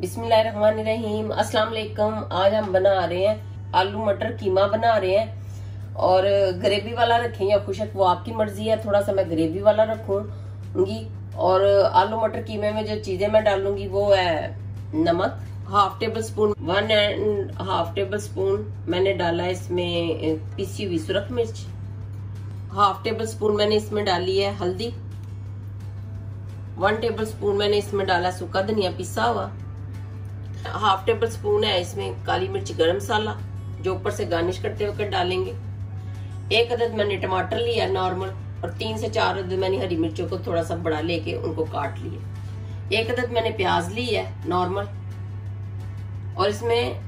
बिस्मिल्लाहिर्रहमानिर्रहीम अस्सलाम वालेकुम आज हम बना रहे हैं आलू मटर कीमा बना रहे हैं और ग्रेवी वाला रखें या खुशक वो आपकी मर्जी है थोड़ा सा मैं ग्रेवी वाला रखूंगी और आलू मटर कीमे में जो चीजें मैं डालूंगी वो है नमक half tablespoon one and half tablespoon मैंने डाला इसमें पिसी हुई सुरख मिर्च हाफ टेबल स्पून मैंने इसमें डाली है हल्दी वन टेबल स्पून मैंने इसमें डाला सूखा धनिया पिसा हुआ हाफ टेबल स्पून है इसमें काली मिर्च गरम मसाला जो ऊपर से गार्निश करते वक्त डालेंगे एक अदद मैंने टमाटर लिया नॉर्मल और तीन से चार अदद मैंने हरी मिर्चों को थोड़ा सा बड़ा लेके उनको काट लिया एक अदद मैंने प्याज ली है नॉर्मल और इसमें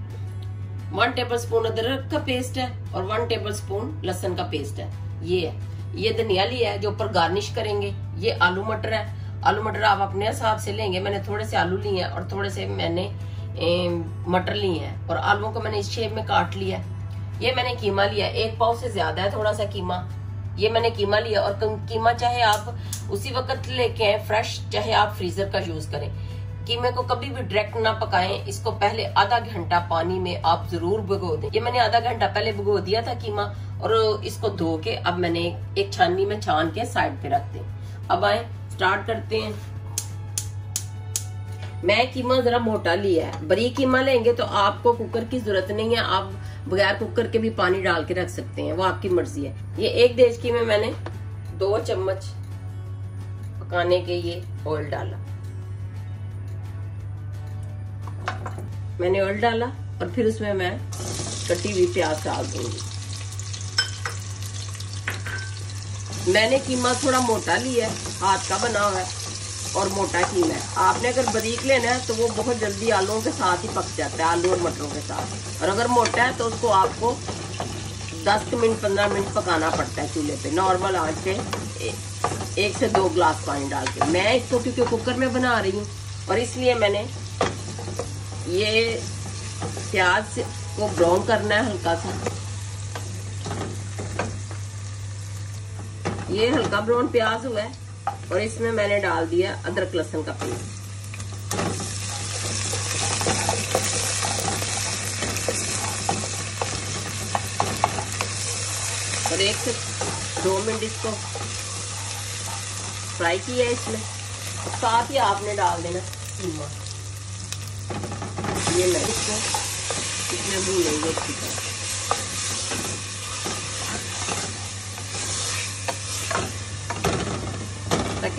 वन टेबल स्पून अदरक का पेस्ट है और वन टेबल स्पून लहसन का पेस्ट है ये है ये धनिया लिया है जो ऊपर गार्निश करेंगे ये आलू मटर है आलू मटर आप अपने हिसाब से लेंगे मैंने थोड़े से आलू लिए हैं और थोड़े से मैंने मटर लिए हैं और आलुओं को मैंने इस शेप में काट लिया है ये मैंने कीमा लिया एक पाव से ज्यादा है थोड़ा सा कीमा ये मैंने कीमा लिया और कीमा चाहे आप उसी वक्त लेके आए फ्रेश चाहे आप फ्रीजर का यूज करें कीमे को कभी भी डायरेक्ट ना पकाएं इसको पहले आधा घंटा पानी में आप जरूर भिगो दें ये मैंने आधा घंटा पहले भिगो दिया था कीमा और इसको धो के अब मैंने एक छाननी में छान के साइड पे रख दें अब आए स्टार्ट करते हैं मैं कीमा जरा मोटा लिया है बड़ी कीमा लेंगे तो आपको कुकर की जरूरत नहीं है आप बगैर कुकर के भी पानी डाल के रख सकते हैं वो आपकी मर्जी है ये एक देश की में मैंने दो चम्मच पकाने के ये ऑयल डाला मैंने ऑयल डाला और फिर उसमें मैं कटी हुई प्याज डाल दूंगी मैंने कीमा थोड़ा मोटा लिया है हाथ का बना हुआ है और मोटा कीमा है आपने अगर बरीक लेना है तो वो बहुत जल्दी आलूओं के साथ ही पक जाता है आलू और मटरों के साथ और अगर मोटा है तो उसको आपको 10 मिनट 15 मिनट पकाना पड़ता है चूल्हे पे नॉर्मल आज पे एक से दो ग्लास पानी डाल के मैं इसको क्योंकि कुकर में बना रही हूँ और इसलिए मैंने ये प्याज को ब्राउन करना है हल्का सा ये हल्का ब्राउन प्याज हुआ है और इसमें मैंने डाल दिया अदरक लहसुन का पेस्ट और एक से दो मिनट इसको फ्राई किया इसमें साथ ही आपने डाल देना कीमा ये मैं इसको इसमें भूलेंगे अच्छी तरह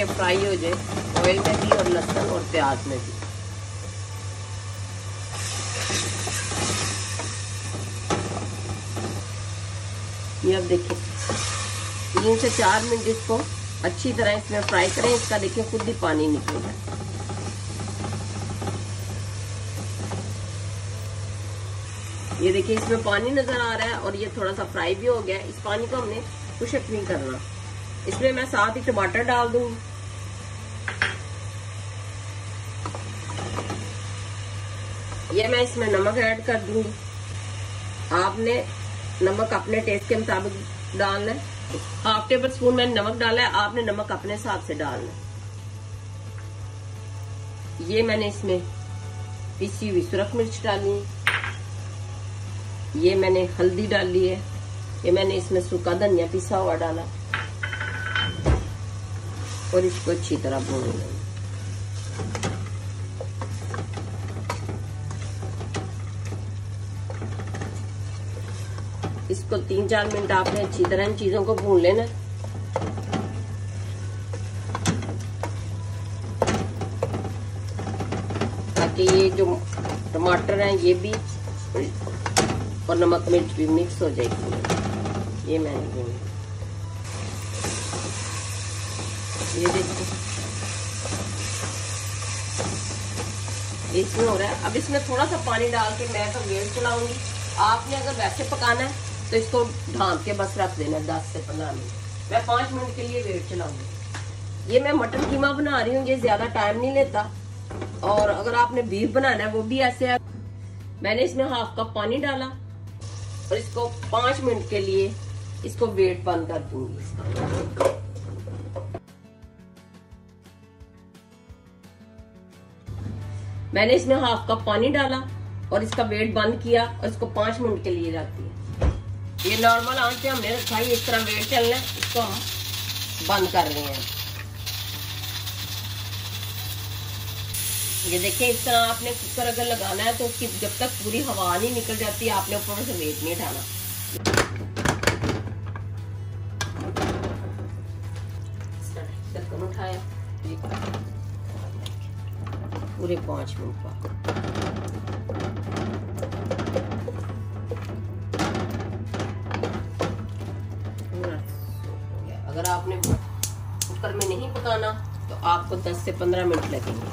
के फ्राई हो जाए ऑयल में भी और लहसुन और प्याज में भी ये अब देखिए तीन से चार मिनट इसको अच्छी तरह इसमें फ्राई करें इसका देखिए खुद ही पानी निकलेगा ये देखिए इसमें पानी नजर आ रहा है और ये थोड़ा सा फ्राई भी हो गया इस पानी को हमने कुछ नहीं करना इसमें मैं साथ ही टमाटर डाल दूंगी ये मैं इसमें नमक ऐड कर दूंगी आपने नमक अपने टेस्ट के मुताबिक डालना है हाफ टेबल स्पून मैंने नमक डाला है आपने नमक अपने हिसाब से डालना है ये मैंने इसमें पिसी हुई सुरख मिर्च डाली ये मैंने हल्दी डाली है ये मैंने इसमें सूखा धनिया पिसा हुआ डाला और इसको अच्छी तरह भून लिया इसको तीन चार मिनट आपने अच्छी तरह इन चीज़ों को भून लेना ताकि ये जो टमाटर हैं ये भी और नमक मिर्च भी मिक्स हो जाएगी ये मैंने ये देखो इसमें हो रहा है अब इसमें थोड़ा सा पानी डाल के मैं तो गैस चलाऊंगी आपने अगर वैसे पकाना है तो इसको ढांक के बस रख देना दस से पंद्रह मिनट मैं पांच मिनट के लिए वेट चलाऊंगी ये मैं मटन कीमा बना रही हूँ ये ज्यादा टाइम नहीं लेता और अगर आपने बीफ बनाना है वो भी ऐसे है मैंने इसमें हाफ कप पानी डाला और इसको पांच मिनट के लिए इसको वेट बंद कर दूंगी मैंने इसमें हाफ कप पानी डाला और इसका वेट बंद किया और इसको पांच मिनट के लिए रख दिया ये नॉर्मल आंच हमने रखा है इस तरह वेट चलना है इसको हम बंद कर रहे हैं ये देखिए इस तरह आपने कुकर अगर लगाना है तो उसकी जब तक पूरी हवा नहीं निकल जाती आपने ऊपर से वेट नहीं उठाना उठाया पूरे पांच मिनट का कुकर में नहीं पकाना तो आपको 10 से 15 मिनट लगेंगे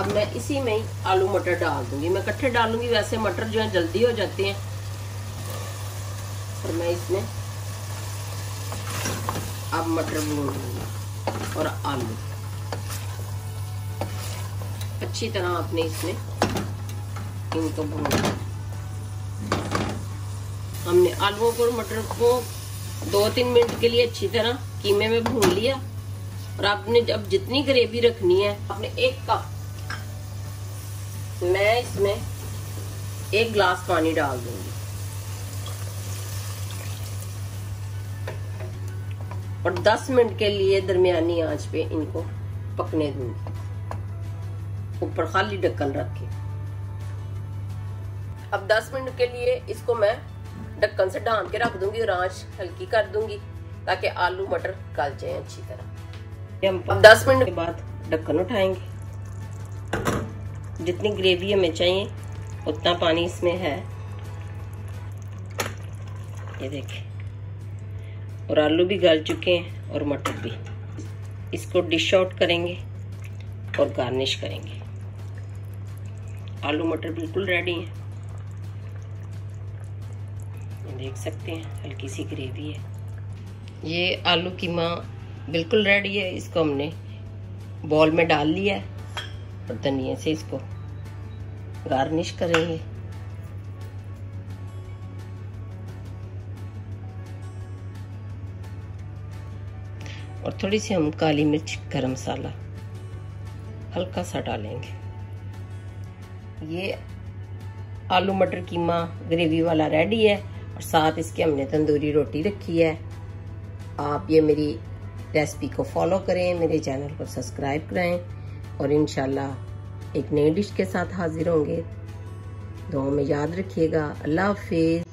अब मैं इसी में ही आलू मटर डाल दूंगी मैं कट्ठे डालूंगी वैसे मटर जो है जल्दी हो जाते हैं और मैं इसमें अब मटर भून दूंगी और आलू अच्छी तरह आपने इसमें इनको भून हमने आलूओं को मटर को दो तीन मिनट के लिए अच्छी तरह कीमे में भून लिया और आपने अब जितनी ग्रेवी रखनी है आपने एक कप मैं इसमें एक ग्लास पानी डाल दूंगी और 10 मिनट के लिए दरमियानी आंच पे इनको पकने दूंगी ऊपर खाली ढक्कन रख के अब 10 मिनट के लिए इसको मैं ढक्कन से ढाम के रख दूंगी और आँच हल्की कर दूंगी ताकि आलू मटर गल जाए अच्छी तरह अब दस मिनट के बाद ढक्कन उठाएंगे जितनी ग्रेवी हमें चाहिए उतना पानी इसमें है ये देखें और आलू भी गल चुके हैं और मटर भी इसको डिश आउट करेंगे और गार्निश करेंगे आलू मटर बिल्कुल रेडी हैं देख सकते हैं हल्की सी ग्रेवी है ये आलू कीमा बिल्कुल रेडी है इसको हमने बॉल में डाल लिया है और धनिया से इसको गार्निश करेंगे और थोड़ी सी हम काली मिर्च गरम मसाला हल्का सा डालेंगे ये आलू मटर कीमा ग्रेवी वाला रेडी है और साथ इसके हमने तंदूरी रोटी रखी है आप ये मेरी रेसिपी को फॉलो करें मेरे चैनल को सब्सक्राइब करें और इन एक नई डिश के साथ हाजिर होंगे दो में याद रखिएगा अल्लाह हाफिज़